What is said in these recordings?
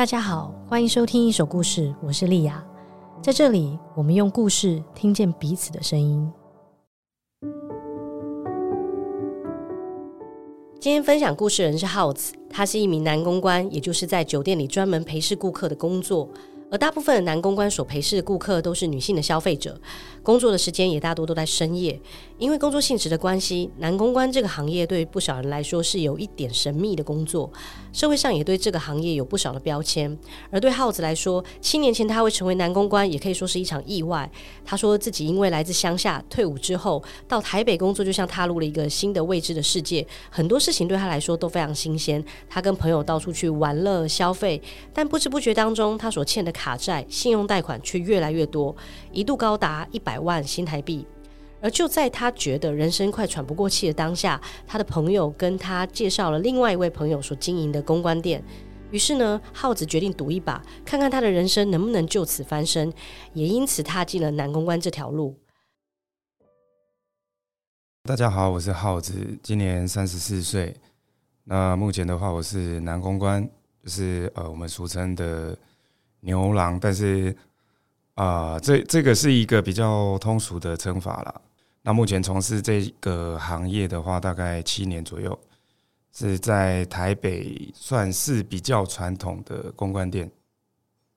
大家好，歡迎收聽《一手故事》，我是莉雅。在這裡，我們用故事聽見彼此的聲音。今天分享故事的人是浩子，他是一名男公關，也就是在酒店裡專門陪侍顧客的工作。而大部分的男公關所陪侍的顧客都是女性的消費者，工作的時間也大多都在深夜。因為工作性質的關係，男公關這個行業對不少人來說是有一點神秘的工作，社會上也對這個行業有不少的標籤。而對浩子來說，七年前他會成為男公關，也可以說是一場意外。他說自己因為來自鄉下，退伍之後到台北工作，就像踏入了一個新的未知的世界，很多事情對他來說都非常新鮮。他跟朋友到處去玩樂消費，但不知不覺當中，他所欠的卡債、信用貸款卻越來越多，一度高達一百萬新台幣。而就在他覺得人生快喘不過氣的當下，他的朋友跟他介紹了另外一位朋友所經營的公關店。於是呢，浩子決定賭一把，看看他的人生能不能就此翻身，也因此踏進了男公關這條路。大家好，我是浩子，今年三十四歲。那目前的話，我是男公關，就是呃，我們俗稱的。牛郎，但是啊、呃，這這個是一個比較通俗的稱法啦。那目前從事這個行業的話，大概七年左右，是在台北算是比較傳統的公關店。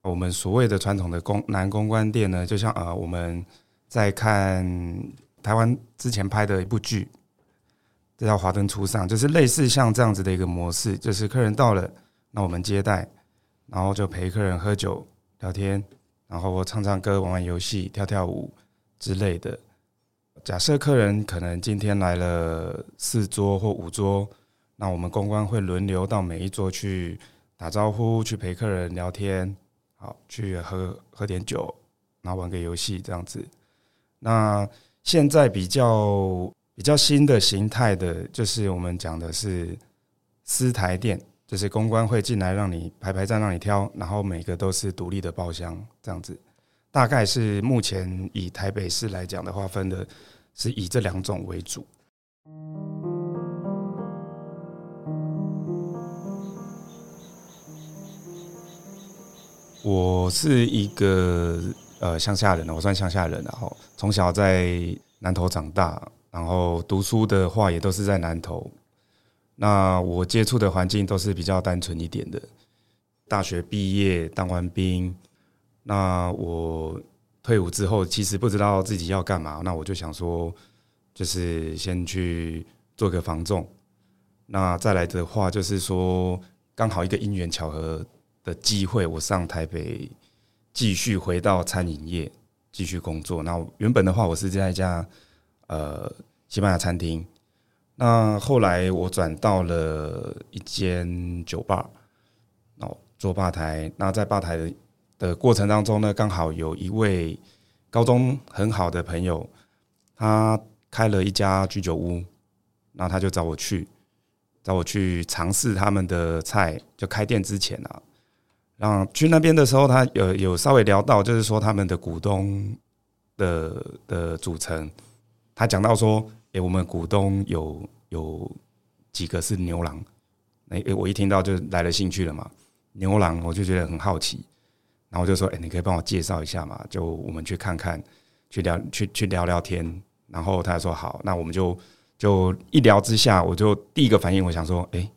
我們所謂的傳統的公男公關店呢，就像呃我們在看台灣之前拍的一部劇，這叫《華燈初上》，就是類似像這樣子的一個模式，就是客人到了，那我們接待。然後就陪客人喝酒聊天，然後唱唱歌、玩玩遊戲、跳跳舞之類的。假設客人可能今天來了四桌或五桌，那我們公關會輪流到每一桌去打招呼、去陪客人聊天，好去喝喝點酒，然後玩個遊戲這樣子。那現在比較比較新的形態的，就是我們講的是私台店。就是公關會進來，讓你排排站，讓你挑，然後每個都是獨立的包廂這樣子，大概是目前以台北市來講的話分的，是以這兩種為主。我是一個呃鄉下人，我算鄉下人，然後從小在南投長大，然後讀書的話也都是在南投。那我接觸的環境都是比較單純一點的。大學畢業當完兵，那我退伍之後，其實不知道自己要幹嘛。那我就想說，就是先去做個房仲。那再來的話，就是說剛好一個因緣巧合的機會，我上台北繼續回到餐飲業繼續工作。那原本的話，我是在一家呃西班牙餐廳。那後來我轉到了一間酒吧，哦，做吧台。那在吧台的過程當中呢，剛好有一位高中很好的朋友，他開了一家居酒屋，然後他就找我去，找我去嘗試他們的菜，就開店之前啊。然後去那邊的時候，他有有稍微聊到，就是說他們的股東的的組成，他講到說，欸，我們股東有有幾個是牛郎欸，欸，哎，我一聽到就來了興趣了嘛。牛郎，我就覺得很好奇，然後我就說，欸，你可以幫我介紹一下嘛？就我們去看看，去聊，去去聊聊天。然後他說好，那我們就就一聊之下，我就第一個反應，我想說，哎、欸，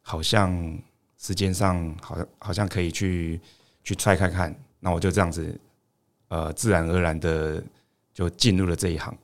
好像時間上好像好像可以去去 try 看看。那我就這樣子，呃，自然而然的就進入了這一行。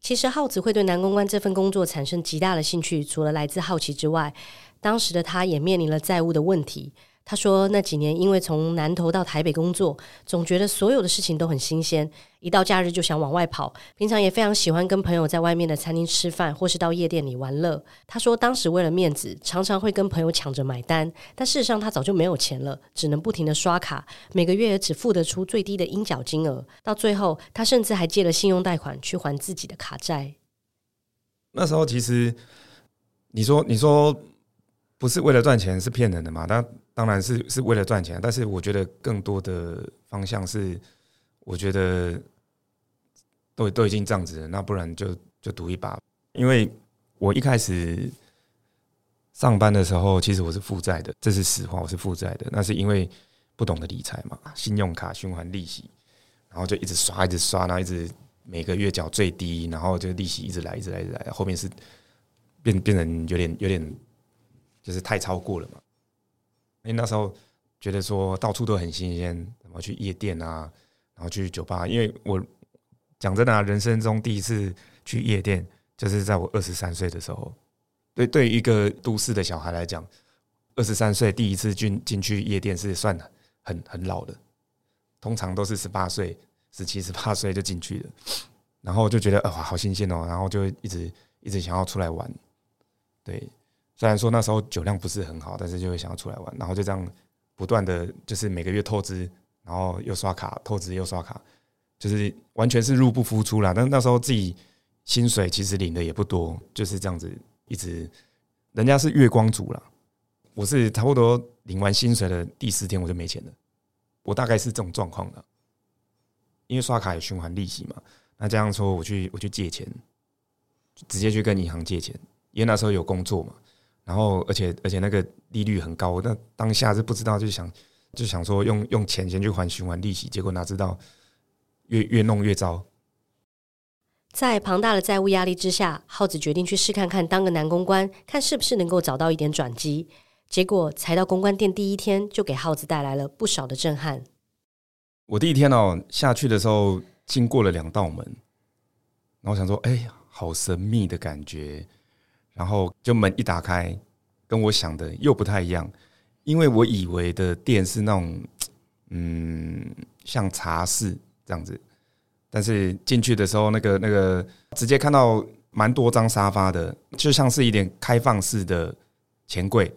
其實，浩子會對男公關這份工作產生極大的興趣，除了來自好奇之外，當時的他也面臨了債務的問題。他說：“那幾年，因為從南投到台北工作，總覺得所有的事情都很新鮮。一到假日就想往外跑，平常也非常喜歡跟朋友在外面的餐廳吃飯，或是到夜店裡玩樂。他說，當時為了面子，常常會跟朋友搶着買單，但事實上他早就沒有錢了，只能不停的刷卡，每個月也只付得出最低的應繳金額。到最後，他甚至還借了信用貸款去還自己的卡債。那時候，其實你說，你說。”不是為了賺錢是騙人的嘛？那當然是是為了賺錢。但是我覺得更多的方向是，我覺得都都已經這樣子了，那不然就就賭一把。因為我一開始上班的時候，其實我是負債的，這是實話，我是負債的。那是因為不懂得理財嘛，信用卡循環利息，然後就一直刷一直刷，然後一直每個月繳最低，然後就利息一直來一直來一直來，後面是變變成有點有點。就是太超過了嘛，因為那時候覺得說到處都很新鮮，然後去夜店啊，然後去酒吧。因為我講真的啊，人生中第一次去夜店，就是在我二十三歲的時候。對，對一個都市的小孩來講，二十三歲第一次進進去夜店是算很很很老的。通常都是十八歲、十七、十八歲就進去了，然後就覺得啊、哦，好新鮮哦，然後就一直一直想要出來玩，對。雖然說那時候酒量不是很好，但是就會想要出來玩，然後就這樣不斷的就是每個月透支，然後又刷卡透支又刷卡，就是完全是入不敷出啦，但那時候自己薪水其實領的也不多，就是這樣子一直，人家是月光族啦，我是差不多領完薪水的第四天我就沒錢了，我大概是這種狀況的，因為刷卡有循環利息嘛，那這樣說我去我去借錢，直接去跟銀行借錢，因為那時候有工作嘛。然後，而且，而且那個利率很高。那當下是不知道，就想，就想說用用錢先去還循環利息。結果哪知道越越弄越糟。在龐大的債務壓力之下，浩子決定去試看看，當個男公關，看是不是能夠找到一點轉機。結果才到公關店第一天，就給浩子帶來了不少的震撼。我第一天哦下去的時候，經過了兩道門，然後想說，哎呀，好神秘的感覺。然後就門一打開，跟我想的又不太一樣，因為我以為的店是那種，嗯，像茶室這樣子。但是進去的時候，那個那個直接看到蠻多張沙發的，就像是一點開放式的錢櫃，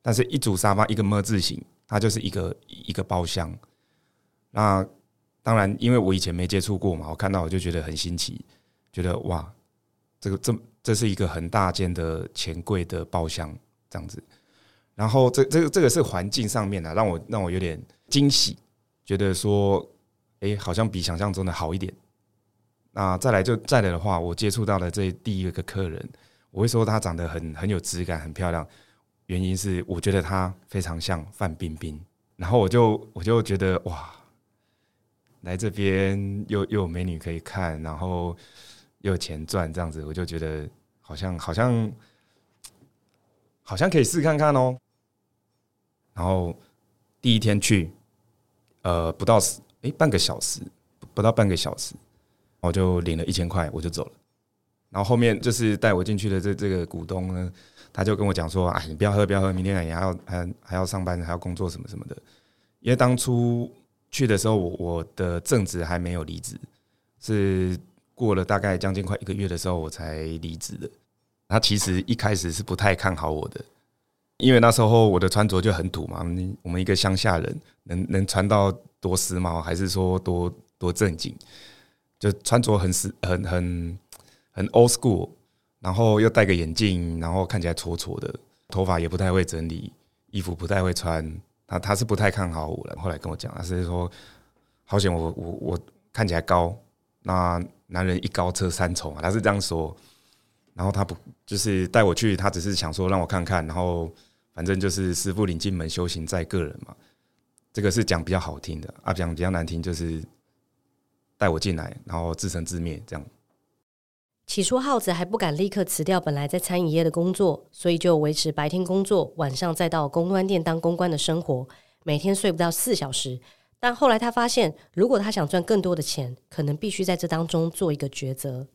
但是一組沙發一個 ㄇ 字形，它就是一個一個包廂。那當然，因為我以前沒接觸過嘛，我看到我就覺得很新奇，覺得哇。這個這這是一個很大間的錢櫃的包廂這樣子，然後這這個、這個是環境上面呢，讓我讓我有點驚喜，覺得說，哎、欸，好像比想象中的好一點。那再來就再來的話，我接觸到了這第一個個客人，我會說她長得很很有質感，很漂亮，原因是我覺得她非常像范冰冰，然後我就我就覺得哇，來這邊又又有美女可以看，然後，有錢賺這樣子，我就覺得好像好像好像可以試看看哦。然後第一天去，呃，不到十，哎，半個小時，不到半個小時，我就領了一千塊，我就走了。然後後面就是帶我進去的這這個股東呢，他就跟我講說：“哎，你不要喝，不要喝，明天你還要還還要上班，還要工作什麼什麼的。”因為當初去的時候，我我的正職還沒有離職，是。過了大概將近快一個月的時候，我才離職的。他其實一開始是不太看好我的，因為那時候我的穿着就很土嘛。我們一個鄉下人能，能能穿到多時髦，還是說多多正經？就穿着很時，很很很 old school，然後又戴個眼鏡，然後看起來挫挫的，頭髮也不太會整理，衣服不太會穿他。他他是不太看好我的，後來跟我講，他是說，好險我我我看起來高那。男人一高，車三重他是這樣說。然後他不就是帶我去，他只是想說讓我看看。然後反正就是師傅領進門，修行在個人嘛。這個是講比較好聽的，啊，講比較難聽就是帶我進來，然後自生自滅這樣。起初，浩子還不敢立刻辭掉本來在餐飲業的工作，所以就維持白天工作，晚上再到公關店當公關的生活，每天睡不到四小時。但後來他發現，如果他想賺更多的錢，可能必須在這當中做一個抉擇。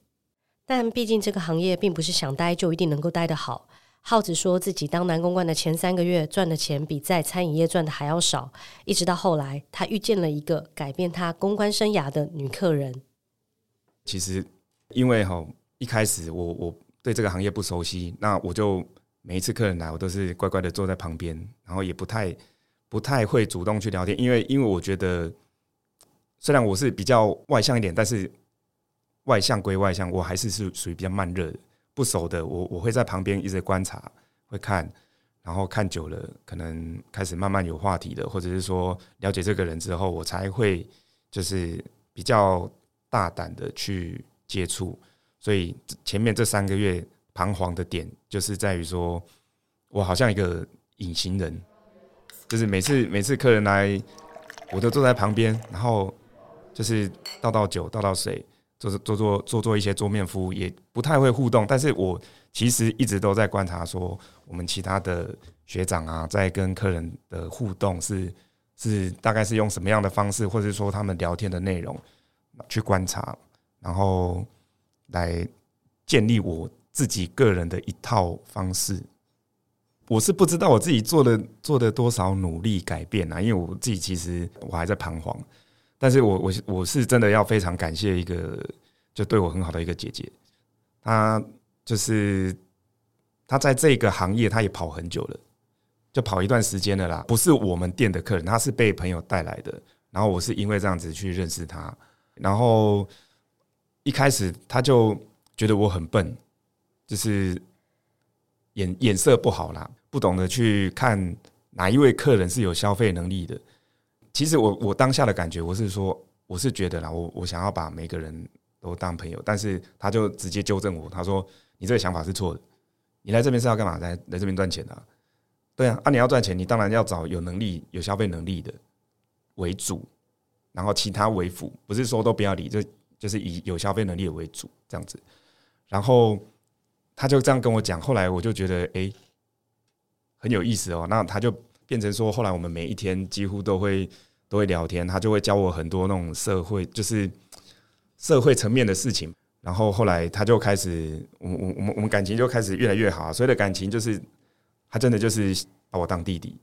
但畢竟這個行業並不是想待就一定能夠待得好。浩子說自己當男公關的前三個月賺的錢比在餐飲業賺的還要少。一直到後來，他遇見了一個改變他公關生涯的女客人。其實，因為哈，一開始我我對這個行業不熟悉，那我就每一次客人來，我都是乖乖的坐在旁邊，然後也不太。不太會主動去聊天，因為因為我覺得，雖然我是比較外向一點，但是外向歸外向，我還是是屬於比較慢熱、不熟的。我我會在旁邊一直觀察，會看，然後看久了，可能開始慢慢有話題的，或者是說了解這個人之後，我才會就是比較大膽的去接觸。所以前面這三個月彷徨的點，就是在於說我好像一個隱形人。就是每次每次客人來，我都坐在旁邊，然後就是倒倒酒、倒倒水，做做做做做做一些桌面服務，也不太會互動，但是我其實一直都在觀察說，我們其他的學長啊，在跟客人的互動是是大概是用什麼樣的方式，或者說他們聊天的內容去觀察，然後來建立我自己個人的一套方式。我是不知道我自己做的做的多少努力改變啊。因為我自己其實我還在彷徨，但是我我我是真的要非常感謝一個就對我很好的一個姐姐，她就是她在這個行業，她也跑很久了，就跑一段時間了啦，不是我們店的客人，她是被朋友帶來的，然後我是因為這樣子去認識她，然後一開始她就覺得我很笨，就是。眼眼色不好啦，不懂得去看哪一位客人是有消費能力的。其實我我當下的感覺，我是說，我是覺得啦，我我想要把每個人都當朋友，但是他就直接糾正我，他說：“你這個想法是錯的，你來這邊是要幹嘛？來來這邊賺錢啊？對啊，啊你要賺錢，你當然要找有能力、有消費能力的為主，然後其他為輔，不是說都不要理，就就是以有消費能力為主這樣子，然後。”他就這樣跟我講，後來我就覺得哎、欸，很有意思哦、喔。那他就變成說，後來我們每一天幾乎都會都會聊天，他就會教我很多那種社會，就是社會層面的事情。然後後來他就開始，我我我們我們感情就開始越來越好、啊。所謂的感情就是，他真的就是把我當弟弟，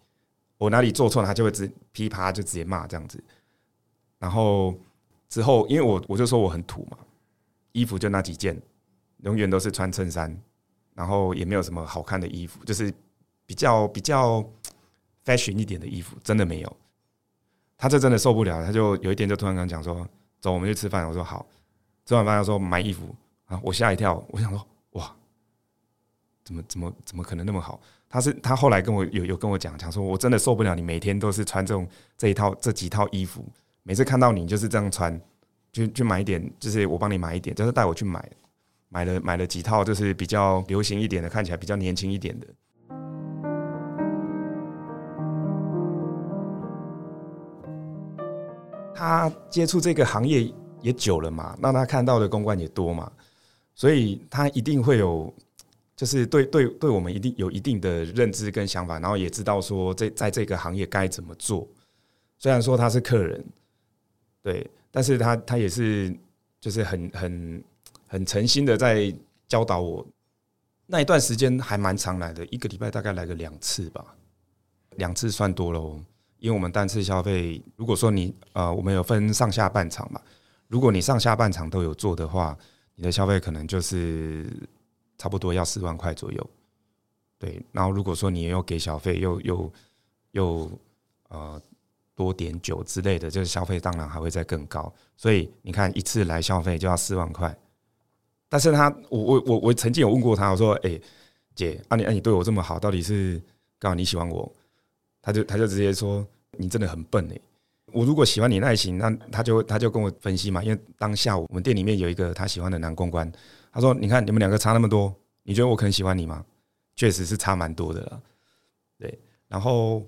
我哪裡做錯了，他就會直噼啪就直接罵這樣子。然後之後，因為我我就說我很土嘛，衣服就那幾件，永遠都是穿襯衫。然後也沒有什麼好看的衣服，就是比較比較 fashion 一點的衣服，真的沒有。他這真的受不了，他就有一天就突然跟我講說：“走，我們去吃飯。”我說：“好。”吃完飯他說：“買衣服啊！”我嚇一跳，我想說：“哇，怎麼怎麼怎麼可能那麼好？”他是他後來跟我有有跟我講講說：“我真的受不了你每天都是穿這種這一套這幾套衣服，每次看到你就是這樣穿，就去買一點，就是我幫你買一點，就是帶我去買。”買了買了幾套，就是比較流行一點的，看起來比較年輕一點的。他接觸這個行業也久了嘛，讓他看到的公關也多嘛，所以他一定會有，就是對對對我們一定有一定的認知跟想法，然後也知道說這在這個行業該怎麼做。雖然說他是客人，對，但是他他也是就是很很。很誠心的在教導我，那一段時間還蠻常來的，一個禮拜大概來個兩次吧，兩次算多了哦，因為我們單次消費，如果說你呃，我們有分上下半場嘛，如果你上下半場都有做的話，你的消費可能就是差不多要四萬塊左右。對，然後如果說你又給小費又又又呃多點酒之類的，這個消費當然還會再更高。所以你看一次來消費就要四萬塊。但是他，我我我我曾經有問過他，我說：“欸，姐，啊你啊你對我這麼好，到底是剛好你喜歡我？”他就他就直接說：“你真的很笨欸！我如果喜歡你的愛情，那他就他就跟我分析嘛，因為當下我們店裡面有一個他喜歡的男公關，他說：‘你看你們兩個差那麼多，你覺得我可能喜歡你嗎？’確實是差蠻多的了。對，然後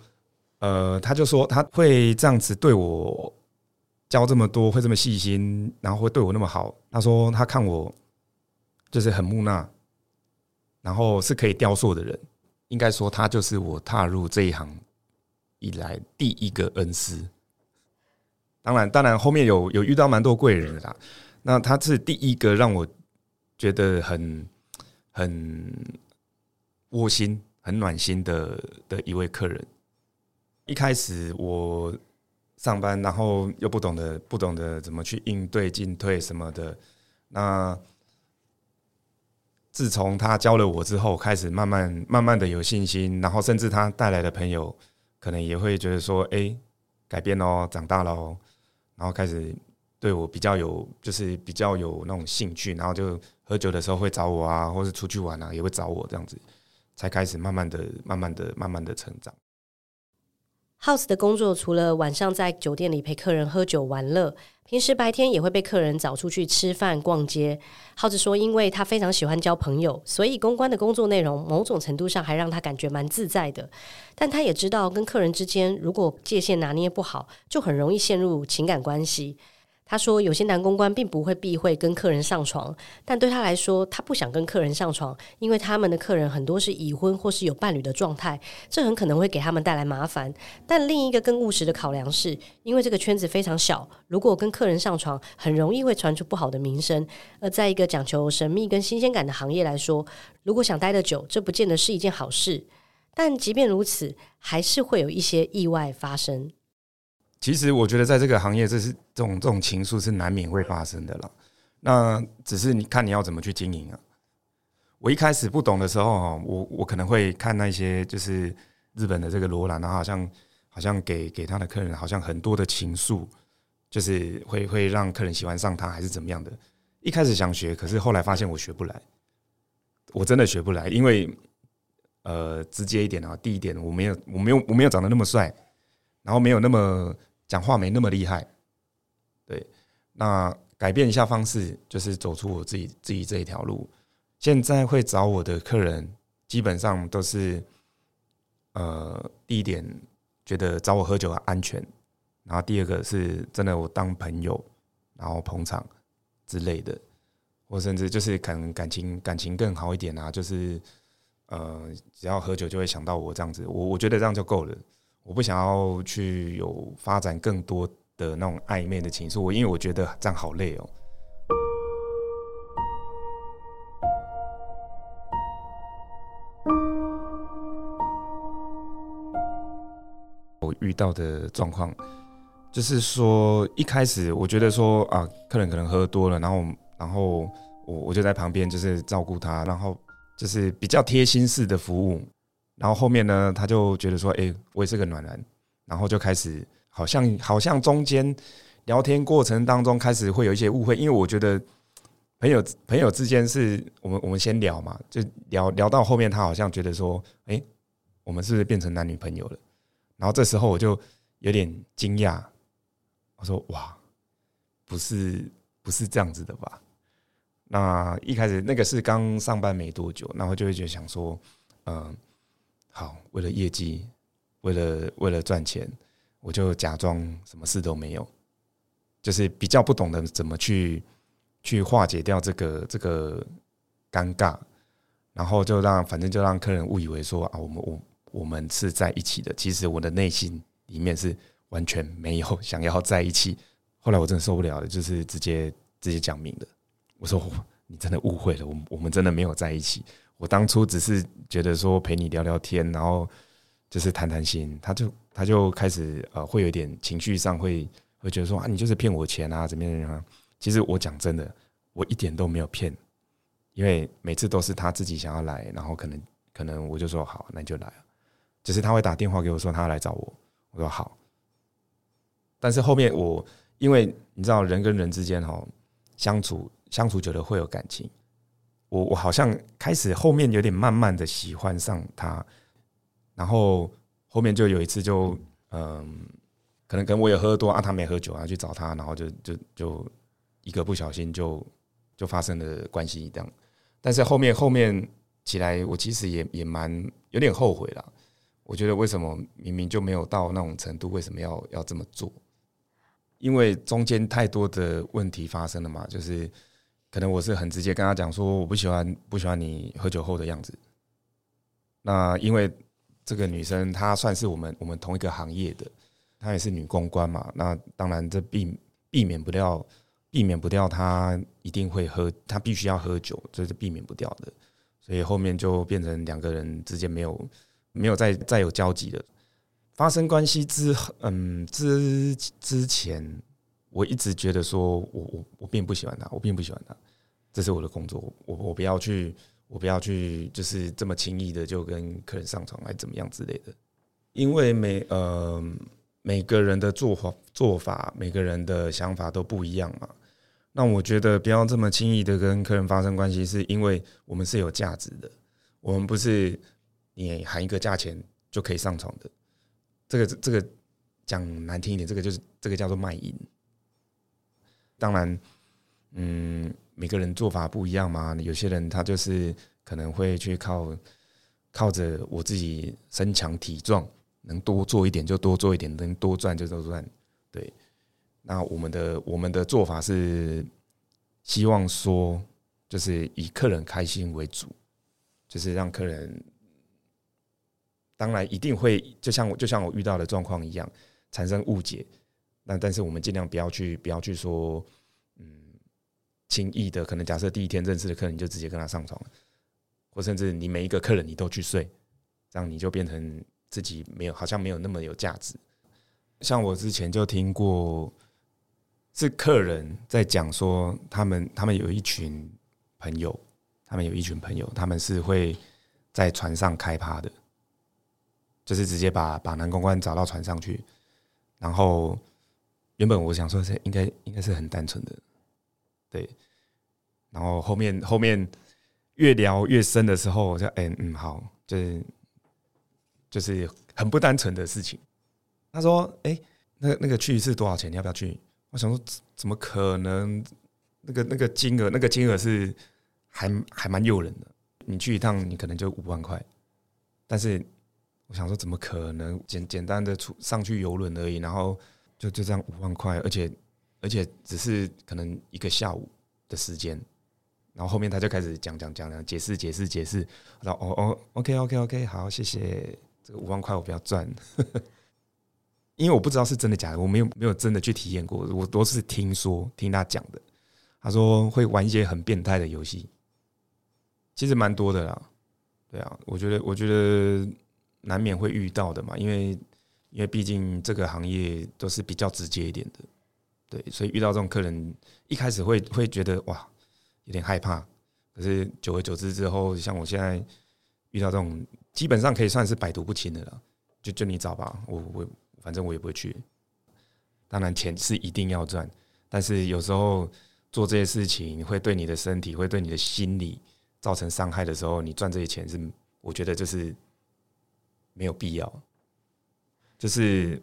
呃，他就說他會這樣子對我教這麼多，會這麼細心，然後會對我那麼好。他說他看我。”就是很木訥，然後是可以雕塑的人，應該說他就是我踏入這一行以來第一個恩師。當然，當然後面有有遇到蠻多貴人的啦，那他是第一個讓我覺得很很窩心、很暖心的的一位客人。一開始我上班，然後又不懂得，不懂得怎麼去應對進退什麼的，那。自從他教了我之後，開始慢慢、慢慢的有信心，然後甚至他帶來的朋友，可能也會覺得說：“哎、欸，改變咯，長大咯，然後開始對我比較有，就是比較有那種興趣，然後就喝酒的時候會找我啊，或是出去玩啊，也會找我這樣子，才開始慢慢的、慢慢的、慢慢的成長。浩子的工作除了晚上在酒店裡陪客人喝酒玩樂，平時白天也會被客人找出去吃飯逛街。浩子說，因為他非常喜歡交朋友，所以公關的工作內容某種程度上還讓他感覺蠻自在的。但他也知道，跟客人之間如果界限拿捏不好，就很容易陷入情感關係。他說：“有些男公關並不會避諱跟客人上床，但對他來說，他不想跟客人上床，因為他們的客人很多是已婚或是有伴侶的狀態，這很可能會給他們帶來麻煩。但另一個更務實的考量是，因為這個圈子非常小，如果跟客人上床，很容易會傳出不好的名聲。而在一個講求神秘跟新鮮感的行業來說，如果想待得久，這不見得是一件好事。但即便如此，還是會有一些意外發生。”其實我覺得，在這個行業，這是這種這種情愫是難免會發生的了。那只是你看你要怎麼去經營啊。我一開始不懂的時候，我我可能會看那些，就是日本的這個羅蘭啊，好像好像給給他的客人，好像很多的情愫，就是會會讓客人喜歡上他，還是怎麼樣的。一開始想學，可是後來發現我學不來，我真的學不來，因為呃，直接一點啊，第一點我沒有我沒有我沒有長得那麼帥，然後沒有那麼。講話沒那麼厲害，對，那改變一下方式，就是走出我自己自己這一條路。現在會找我的客人，基本上都是，呃，第一點覺得找我喝酒安全，然後第二個是真的我當朋友，然後捧場之類的，或甚至就是感感情感情更好一點啊，就是呃，只要喝酒就會想到我這樣子，我我覺得這樣就夠了。我不想要去有發展更多的那種曖昧的情愫，我因為我覺得這樣好累哦。我遇到的狀況就是說，一開始我覺得說啊，客人可能喝多了，然後然後我我就在旁邊就是照顧他，然後就是比較貼心式的服務。然後後面呢，他就覺得說：“哎，我也是個暖男。”然後就開始好像好像中間聊天過程當中開始會有一些誤會，因為我覺得朋友朋友之間是我們我們先聊嘛，就聊聊到後面，他好像覺得說：“哎，我們是不是變成男女朋友了？”然後這時候我就有點驚訝，我說：“哇，不是不是這樣子的吧？”那一開始那個是剛上班沒多久，然後就會覺得想說：“嗯。”好，為了業績，為了為了賺錢，我就假裝什麼事都沒有，就是比較不懂得怎麼去去化解掉這個這個尷尬，然後就讓反正就讓客人誤以為說啊，我們我我們是在一起的，其實我的內心裡面是完全沒有想要在一起。後來我真的受不了了，就是直接直接講明的，我說你真的誤會了，我我們真的沒有在一起。我當初只是覺得說陪你聊聊天，然後就是談談心，他就他就開始呃，會有點情緒上會會覺得說啊，你就是騙我錢啊，怎麼樣怎麼樣啊。其實我講真的，我一點都沒有騙，因為每次都是他自己想要來，然後可能可能我就說好，那你就來了。只是他會打電話給我說他要來找我，我說好。但是後面我因為你知道人跟人之間哈相處相處久了會有感情。我我好像開始後面有點慢慢的喜歡上他，然後後面就有一次就嗯、呃，可能跟我也喝多啊，他沒喝酒啊，去找他，然後就就就一個不小心就就發生了關係這樣。但是後面後面起來，我其實也也蠻有點後悔了。我覺得為什麼明明就沒有到那種程度，為什麼要要這麼做？因為中間太多的問題發生了嘛，就是。可能我是很直接跟他講說，我不喜歡不喜歡你喝酒後的樣子。那因為這個女生她算是我們我們同一個行業的，她也是女公關嘛。那當然這避避免不掉，避免不掉，她一定會喝，她必須要喝酒，所以這是避免不掉的。所以後面就變成兩個人之間沒有沒有再再有交集了。發生關係之嗯之之前。我一直覺得說我，我我我並不喜歡他，我並不喜歡他，這是我的工作，我我不要去，我不要去，就是這麼輕易的就跟客人上床，還是怎麼樣之類的。因為每呃每個人的做法做法，每個人的想法都不一樣嘛。那我覺得不要這麼輕易的跟客人發生關係，是因為我們是有價值的，我們不是你喊一個價錢就可以上床的，這個，這個這個講難聽一點，這個就是這個叫做賣淫。當然，嗯，每個人做法不一樣嘛。有些人他就是可能會去靠靠着我自己身強體壯，能多做一點就多做一點，能多賺就多賺。對，那我們的我們的做法是希望說，就是以客人開心為主，就是讓客人。當然，一定會，就像我就像我遇到的狀況一樣，產生誤解。但但是我們盡量不要去不要去說，嗯，輕易的可能假設第一天認識的客人就直接跟他上床了，或甚至你每一個客人你都去睡，這樣你就變成自己沒有好像沒有那麼有價值。像我之前就聽過，是客人在講說，他們他們有一群朋友，他們有一群朋友，他們是會在船上開趴的，就是直接把把男公關找到船上去，然後。原本我想說，是應該應該是很單純的，對。然後後面後面越聊越深的時候，我就哎嗯好，就是就是很不單純的事情。他說：“哎、欸，那個那個去一次多少錢？你要不要去？”我想說，怎麼可能？那個那個金額，那個金額、那個、是還還蠻誘人的。你去一趟，你可能就五萬塊。但是我想說，怎麼可能簡？簡簡單的出上去遊輪而已，然後。就就這樣五萬塊，而且而且只是可能一個下午的時間，然後後面他就開始講講講講解釋解釋解釋，然後哦哦，OK OK OK，好謝謝，這個五萬塊我不要賺，因為我不知道是真的假的，我沒有沒有真的去體驗過，我都是聽說聽他講的，他說會玩一些很變態的遊戲，其實蠻多的啦，對啊，我覺得我覺得難免會遇到的嘛，因為。因為畢竟這個行業都是比較直接一點的，對，所以遇到這種客人，一開始會會覺得哇，有點害怕。可是久而久之之後，像我現在遇到這種，基本上可以算是百毒不侵的了。就就你找吧，我我反正我也不會去。當然錢是一定要賺，但是有時候做這些事情會對你的身體、會對你的心理造成傷害的時候，你賺這些錢是，我覺得就是沒有必要。就是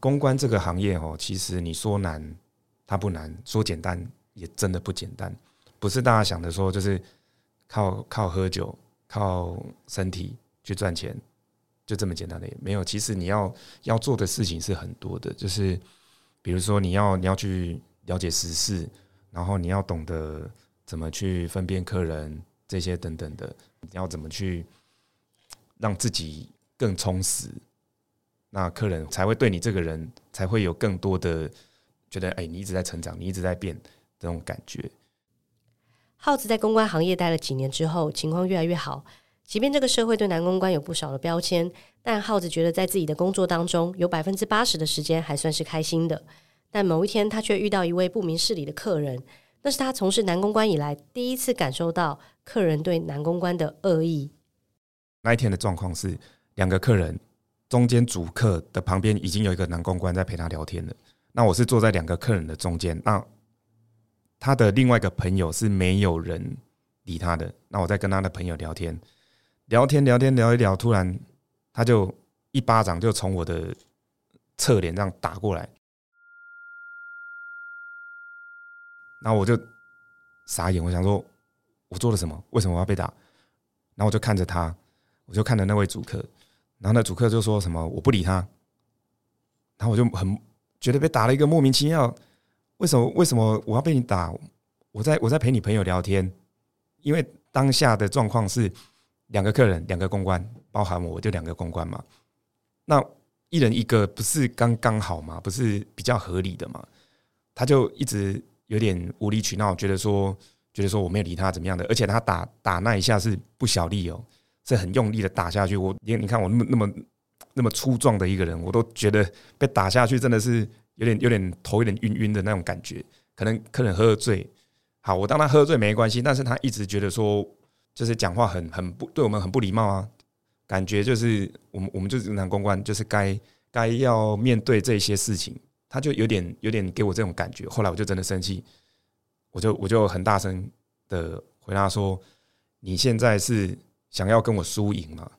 公關這個行業哦，其實你說難，它不難；說簡單，也真的不簡單。不是大家想的說，就是靠靠喝酒、靠身體去賺錢，就這麼簡單的。沒有，其實你要要做的事情是很多的。就是比如說，你要你要去了解時事，然後你要懂得怎麼去分辨客人，這些等等的，你要怎麼去讓自己更充實。那客人才會對你這個人才會有更多的覺得，哎、欸，你一直在成長，你一直在變這種感覺。浩子在公關行業待了幾年之後，情況越來越好。即便這個社會對男公關有不少的標籤，但浩子覺得在自己的工作當中有，有百分之八十的時間還算是開心的。但某一天，他卻遇到一位不明事理的客人，那是他從事男公關以來第一次感受到客人對男公關的惡意。那一天的狀況是兩個客人。中間主客的旁邊已經有一個男公關在陪他聊天了。那我是坐在兩個客人的中間，那他的另外一個朋友是沒有人理他的。那我在跟他的朋友聊天，聊天聊天聊一聊，突然他就一巴掌就從我的側臉這樣打過來，然後我就傻眼，我想說我做了什麼？為什麼我要被打？然後我就看着他，我就看着那位主客。然後那主客就說什麼我不理他，然後我就很覺得被打了一個莫名其妙，為什麼為什麼我要被你打？我在我在陪你朋友聊天，因為當下的狀況是兩個客人，兩個公關，包含我，就兩個公關嘛，那一人一個不是剛剛好嗎？不是比較合理的嘛，他就一直有點無理取鬧，覺得說覺得說我沒有理他怎麼樣的，而且他打打那一下是不小力哦。是很用力的打下去，我你你看我那麼那麼那麼粗壯的一個人，我都覺得被打下去真的是有點有點頭有點暈暈的那種感覺。可能可能喝醉，好，我當他喝醉沒關係，但是他一直覺得說就是講話很很不對我們很不禮貌啊，感覺就是我們我們就是男公關就是該該要面對這些事情，他就有點有點給我這種感覺。後來我就真的生氣，我就我就很大聲的回答說：“你現在是。”想要跟我輸贏嘛？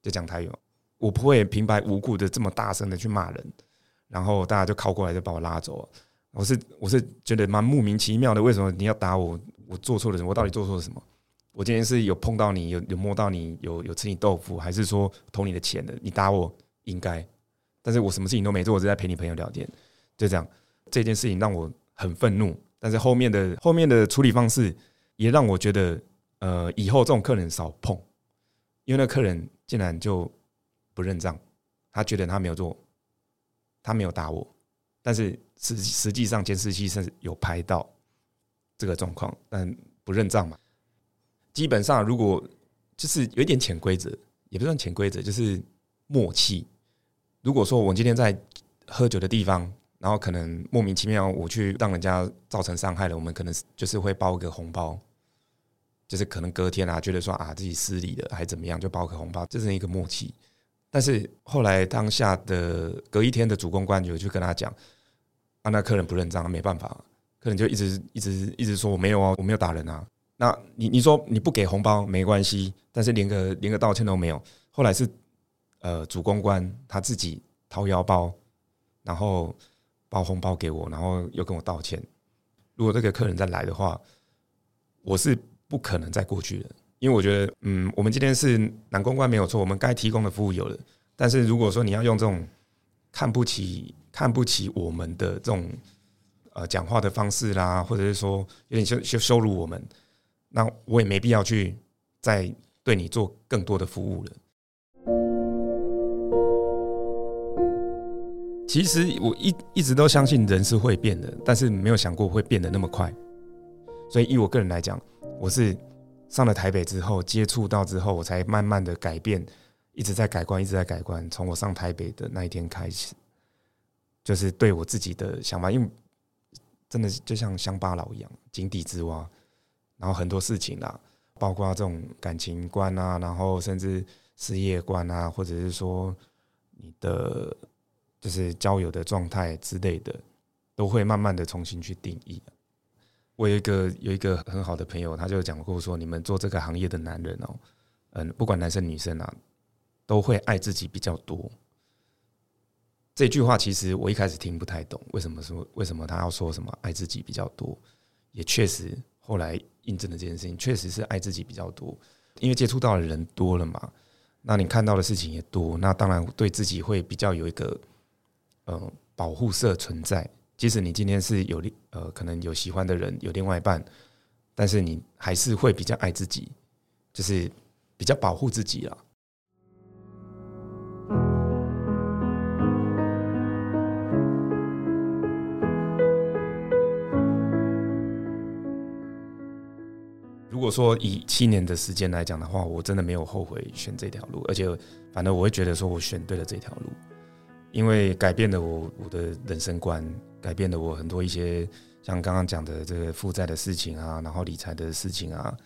就講台語，我不會平白無故的這麼大聲的去罵人，然後大家就靠過來就把我拉走。我是我是覺得蠻莫名其妙的，為什麼你要打我？我做錯了什麼？我到底做錯了什麼？我今天是有碰到你，有有摸到你，有有吃你豆腐，還是說偷你的錢的？你打我應該，但是我什麼事情都沒做，我是在陪你朋友聊天，就這樣。這件事情讓我很憤怒，但是後面的後面的處理方式也讓我覺得。呃，以後這種客人少碰，因為那客人竟然,就不認賬，他覺得他沒有做，他沒有打我，但是實實際上監視器是有拍到這個狀況，但不認賬嘛。基本上，如果就是有點潛規則，也不算潛規則，就是默契。如果說我今天在喝酒的地方，然後可能莫名其妙我去讓人家造成傷害了，我們可能就是會包一個紅包。就是可能隔天啊，覺得說啊自己失禮了還是怎麼樣，就包個紅包，這是一個默契。但是後來當下的隔一天的主公關就去跟他講，啊那客人不認賬沒辦法，客人就一直一直一直說我沒有哦，啊，我沒有打人啊。那你你說你不給紅包沒關係，但是連個連個道歉都沒有。後來是呃主公關他自己掏腰包，然後包紅包給我，然後又跟我道歉。如果這個客人再來的話，我是，不可能再過去了，因為我覺得，嗯，我們今天是男公關沒有錯，我們該提供的服務有了。但是如果說你要用這種看不起、看不起我們的這種呃講話的方式啦，或者是說有點羞羞羞辱我們，那我也沒必要去再對你做更多的服務了。其實我一一直都相信人是會變的，但是沒有想過會變得那麼快。所以以我個人來講，我是上了台北之後，接觸到之後，我才慢慢的改變，一直在改觀，一直在改觀。從我上台北的那一天開始，就是對我自己的想法，因為真的就像鄉巴佬一樣，井底之蛙。然後很多事情啦，包括這種感情觀啊，然後甚至事業觀啊，或者是說你的就是交友的狀態之類的，都會慢慢的重新去定義。我有一個有一個很好的朋友，他就講過說，你們做這個行業的男人哦，嗯，不管男生女生啊，都會愛自己比較多。這句話其實我一開始聽不太懂，為什麼說為什麼他要說什麼愛自己比較多？也確實後來印證了這件事情，確實是愛自己比較多。因為接觸到的人多了嘛，那你看到的事情也多，那當然對自己會比較有一個嗯，保護色存在。即使你今天是有呃，可能有喜歡的人，有另外一半，但是你還是會比較愛自己，就是比較保護自己啊。如果說以七年的時間來講的話，我真的沒有後悔選這條路，而且反正我會覺得說我選對了這條路，因為改變了我我的人生觀。改變了我很多一些，像剛剛講的這個負債的事情啊，然後理財的事情啊，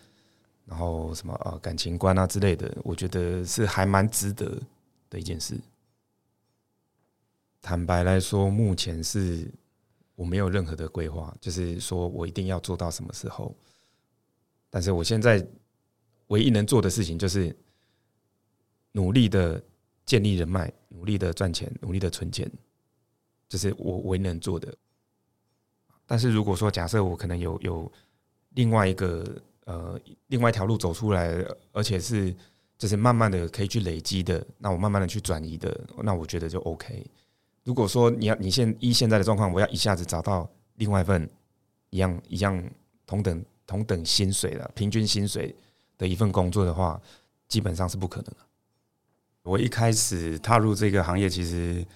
然後什麼啊感情觀啊之類的，我覺得是還蠻值得的一件事。坦白來說，目前是我沒有任何的規劃，就是說我一定要做到什麼時候。但是我現在唯一能做的事情就是努力的建立人脈，努力的賺錢，努力的存錢。就是我為能做的，但是如果說假設我可能有有另外一個呃，另外一條路走出來，而且是就是慢慢的可以去累積的，那我慢慢的去轉移的，那我覺得就 OK。如果說你要你現依現在的狀況，我要一下子找到另外一份一樣一樣同等同等薪水的平均薪水的一份工作的話，基本上是不可能的。我一開始踏入這個行業，其實。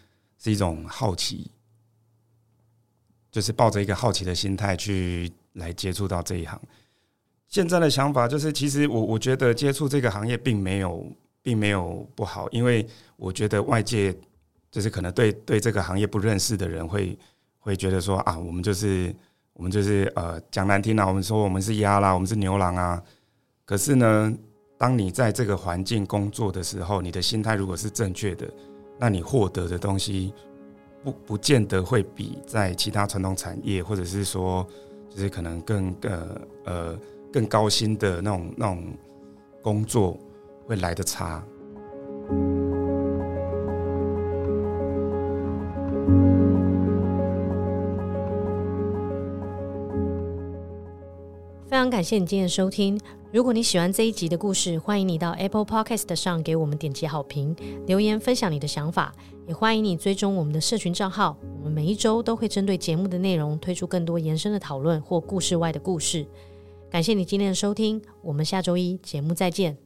是一種好奇，就是抱着一個好奇的心態去來接觸到這一行。現在的想法就是，其實我我覺得接觸這個行業並沒有並沒有不好，因為我覺得外界就是可能對對這個行業不認識的人會會覺得說啊，我們就是我們就是呃講難聽啊，我們說我們是鴨啦，我們是牛郎啊。可是呢，當你在這個環境工作的時候，你的心態如果是正確的。那你獲得的東西不，不不見得會比在其他傳統產業，或者是說，就是可能更呃呃更高薪的那種那種工作會來得差。感謝你今天的收聽。如果你喜歡這一集的故事，歡迎你到 Apple Podcast 上給我們點擊好評、留言分享你的想法。也歡迎你追蹤我們的社群賬號，我們每一周都會針對節目的內容推出更多延伸的討論或故事外的故事。感謝你今天的收聽，我們下周一節目再見。